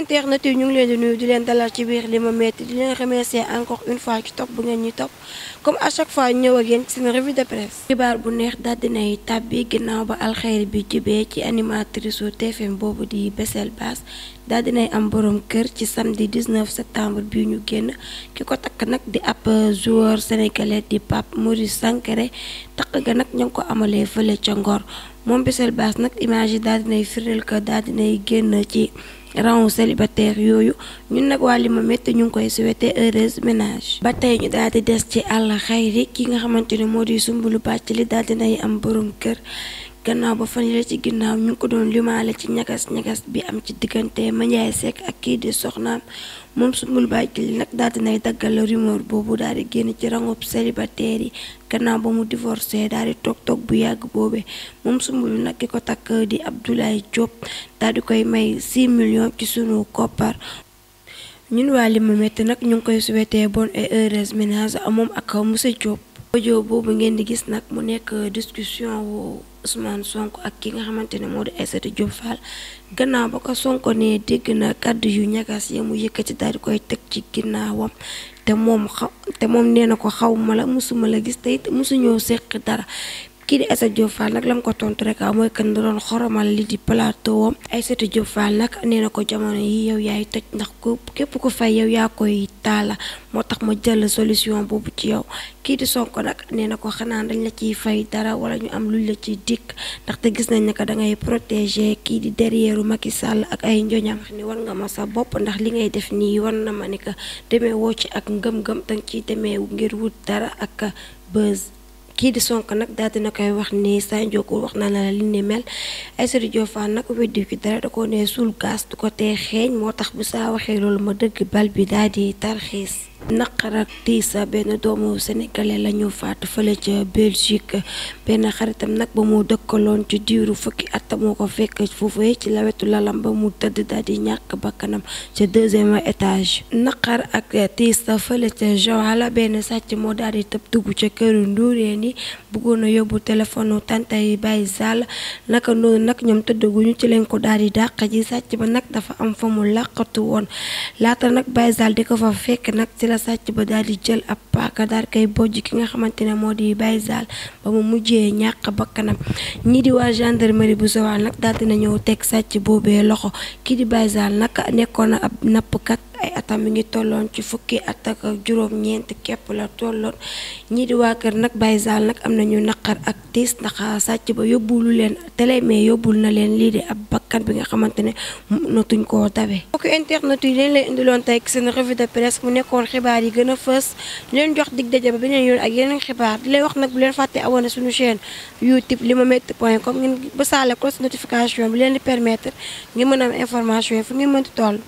internet yi ñu ngi leen di nuyu di leen dalal ci biir Limametti di leen remercier encore une fois ci topp bu ngeen ñu topp comme à chaque fois ñëw ak yéen ci seen revue de presse. xibaar bu neex daal dinay tàbbi ginnaaw ba alxeyri bi jubee ci animatrice su TFM boobu di Bessél Bass daal nay am borom kër ci samedi 19 septembre bi ñu génn ki ko takk nag di ab joueur sénégalais di Pape Maurice Sankharé takk ga nag ña ngi ko amalee fële ca Ngor moom Bessél Bass nag image yi daal dinay firil ko daal dinay génn ci. rang célibataire yooyu ñun nag waa Limametti ñu ngi koy souhaité heureuse ménage ba tey ñu daal di des ci àll xayri ki nga xamante ne moo di sumbulu bàcc li daal dinay am borom kër gannaaw ba fan la ci ginnaaw ñu ngi ko doon limaale ci ñagas-ñagas bi am ci diggante Mandiaye Seck ak kii di soxnaam moom sumbulu bàcc li nag daal nay daggal rumeur boobu daal di génn ci rangub célibataire yi gannaaw ba mu divorcé daal di toog bu yàgg boobee moom Soumboulou nag ki ko takk di Abdoulaye Diop daal di koy may 6 million ci sunu koppar. ñun waa Limametti nag ñu ngi koy souhaiter bonne et heureuse ménage moom ak monsieur Diop. audio boobu ngeen di gis nag mu nekk discussion wu Ousmane Sonko ak ki nga xamante ne moo di Aïssata Diop Fall gannaaw ba ko Sonko ne dégg na kàdd yu ñagas yi mu ci daal di koy teg ci ginnaawam te moom xaw te moom nee na ko xaw ma la mësuma la gis te it mësuñoo seq dara kii di Aïssatou Diop Fall nag la ko tontu rek ah, mooy kan da doon xoromal di plateau am Aïssatou Diop nee na ko jamono yi yow yaay toj ndax ko képp ku fay yow yaa koy taala moo tax ma jël solution boobu ci yow kii di Sonko nag nee na ko xanaa dañ la ciy fay dara wala ñu am luñ la ciy dikk ndaxte gis nañ ne que da ngay protéger kii di derrière Macky Sall ak ay njoñam ni war nga ma sa bopp ndax li ngay def nii war na ma ni que demee woo ci ak ngëm-ngëm danga ciy demee ngir wut dara ak buzz. kii di Sonko nag daal na koy wax ni saa njookul wax na la li ni mel Aïssatou Diop Fall nag weddi ki dara da ko ne suul gaas du ko tee xeeñ moo tax bu saa waxee loolu ma dëgg bal bi daal di tarxiis naqar ak tiis benn doomu sénégalais la ñu faatu fële ca Belgique benn xaritam nag ba mu dëkkaloon ci diiru fukki at moo ko fekk foofee ci lawetu lalam ba mu tëdd daal di ñàkk bakkanam ca deuxième étage naqar ak tiis fële ca Joal benn sàcc moo daal di tëb dugg ca këru nduuree ni bëggoon a yóbbu téléphone tante yi bàyyi sall naka noonu nag ñoom tëddaguñu ci lañ ko daal di dàq ji sàcc ba nag dafa am fa mu làqatu woon laata nag bàyyi sall di ko fa fekk la sàcc ba daal di jël ab paaka daal koy bojj ki nga xamante ne moo di Baye Zale ba mu mujjee ñàkk kanam ñi di waa gendarmerie bu Joal nag daal dina ñëw teg sàcc boobee loxo kii di Baye Zale nag nekkoon na ab nappkat ay atam mi ngi tolloon ci fukki at ak juróom ñeent képp la tolloon ñii di waa kër nag Baye Zale nag am nañu naqar ak tiis ndax sàcc ba yóbbulu leen télé mais yóbbul na leen lii di ab askan bi nga xamante ne notuñ koo dawe. mbokku internet yi leen leen indiloon tey seen revue de presse mu nekkoon xibaar yi gën a fës di leen jox dig daje ba beneen yoon ak yeneen xibaar di leen wax nag bu leen fàtte abonné suñu chaîne youtube limametti point com ngeen bësaale cloche notification bi leen di permettre ngeen mën a am information yi fu ngeen mënti toll.